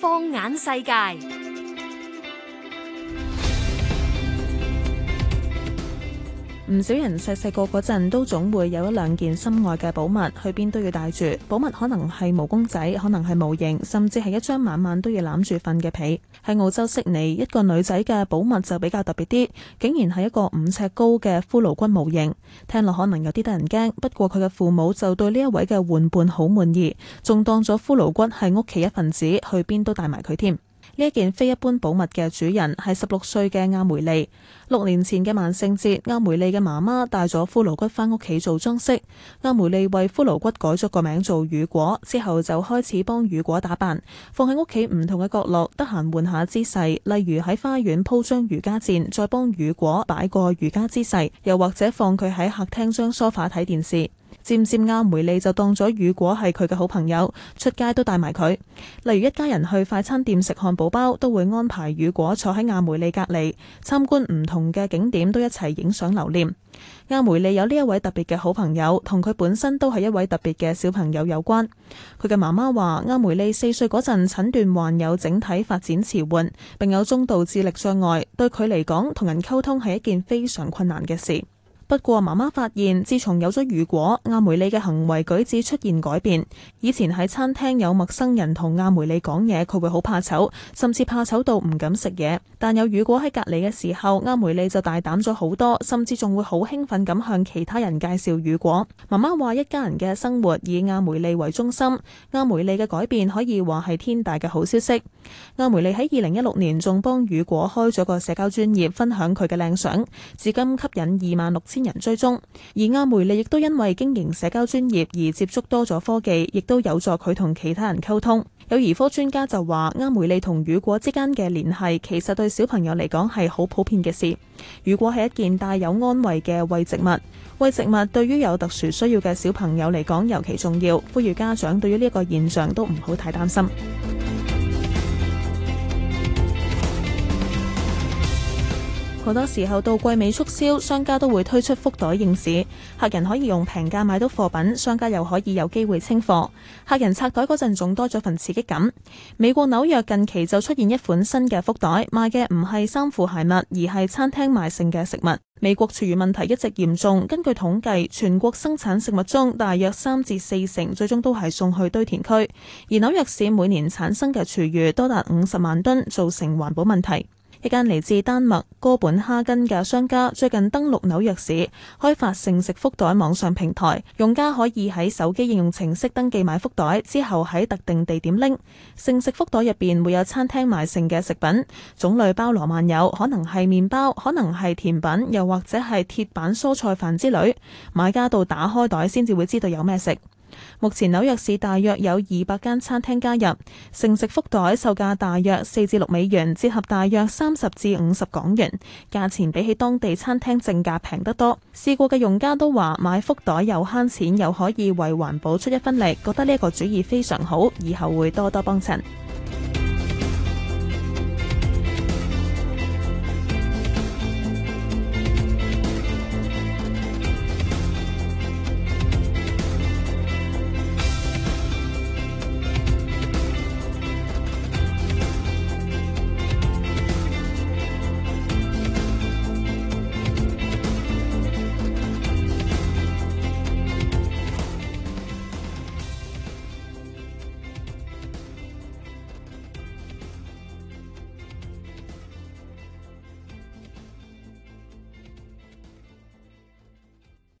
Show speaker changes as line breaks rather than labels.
放眼世界。唔少人細細個嗰陣都總會有一兩件心愛嘅寶物，去邊都要帶住。寶物可能係毛公仔，可能係模型，甚至係一張晚晚都要攬住瞓嘅被。喺澳洲悉尼，一個女仔嘅寶物就比較特別啲，竟然係一個五尺高嘅骷髏骨模型。聽落可能有啲得人驚，不過佢嘅父母就對呢一位嘅玩伴好滿意，仲當咗骷髏骨係屋企一份子，去邊都帶埋佢添。呢一件非一般寶物嘅主人係十六歲嘅阿梅利。六年前嘅萬聖節，阿梅利嘅媽媽帶咗骷髏骨返屋企做裝飾。阿梅利為骷髏骨改咗個名做雨果，之後就開始幫雨果打扮，放喺屋企唔同嘅角落，得閒換下姿勢，例如喺花園鋪張瑜伽墊，再幫雨果擺個瑜伽姿勢，又或者放佢喺客廳張梳化睇電視。漸漸阿梅利就當咗雨果係佢嘅好朋友，出街都帶埋佢。例如一家人去快餐店食漢堡包，都會安排雨果坐喺阿梅利隔籬。參觀唔同嘅景點都一齊影相留念。阿梅利有呢一位特別嘅好朋友，同佢本身都係一位特別嘅小朋友有關。佢嘅媽媽話，阿梅利四歲嗰陣診斷患有整體發展遲緩，並有中度智力障礙，對佢嚟講，同人溝通係一件非常困難嘅事。不過媽媽發現，自從有咗雨果，阿梅利嘅行為舉止出現改變。以前喺餐廳有陌生人同阿梅利講嘢，佢會好怕醜，甚至怕醜到唔敢食嘢。但有雨果喺隔籬嘅時候，阿梅利就大膽咗好多，甚至仲會好興奮咁向其他人介紹雨果。媽媽話，一家人嘅生活以阿梅利為中心，阿梅利嘅改變可以話係天大嘅好消息。阿梅利喺二零一六年仲幫雨果開咗個社交專頁，分享佢嘅靚相，至今吸引二萬六千。人追蹤，而阿梅利亦都因為經營社交專業而接觸多咗科技，亦都有助佢同其他人溝通。有兒科專家就話，阿梅利同雨果之間嘅聯繫，其實對小朋友嚟講係好普遍嘅事。雨果係一件帶有安慰嘅慰藉物，慰藉物對於有特殊需要嘅小朋友嚟講尤其重要。呼籲家長對於呢一個現象都唔好太擔心。好多時候到季尾促銷，商家都會推出福袋應市，客人可以用平價買到貨品，商家又可以有機會清貨。客人拆袋嗰陣，仲多咗份刺激感。美國紐約近期就出現一款新嘅福袋，賣嘅唔係衫褲鞋襪，而係餐廳賣剩嘅食物。美國廚餘問題一直嚴重，根據統計，全國生產食物中大約三至四成最終都係送去堆填區，而紐約市每年產生嘅廚餘多達五十萬噸，造成環保問題。一間嚟自丹麥哥本哈根嘅商家最近登陸紐約市，開發剩食福袋網上平台，用家可以喺手機應用程式登記買福袋，之後喺特定地點拎。剩食福袋入邊會有餐廳賣剩嘅食品，種類包羅萬有，可能係麵包，可能係甜品，又或者係鐵板蔬菜飯之類。買家到打開袋先至會知道有咩食。目前紐約市大約有二百間餐廳加入，剩食福袋售價大約四至六美元，折合大約三十至五十港元，價錢比起當地餐廳正價平得多。試過嘅用家都話買福袋又慳錢又可以為環保出一分力，覺得呢個主意非常好，以後會多多幫襯。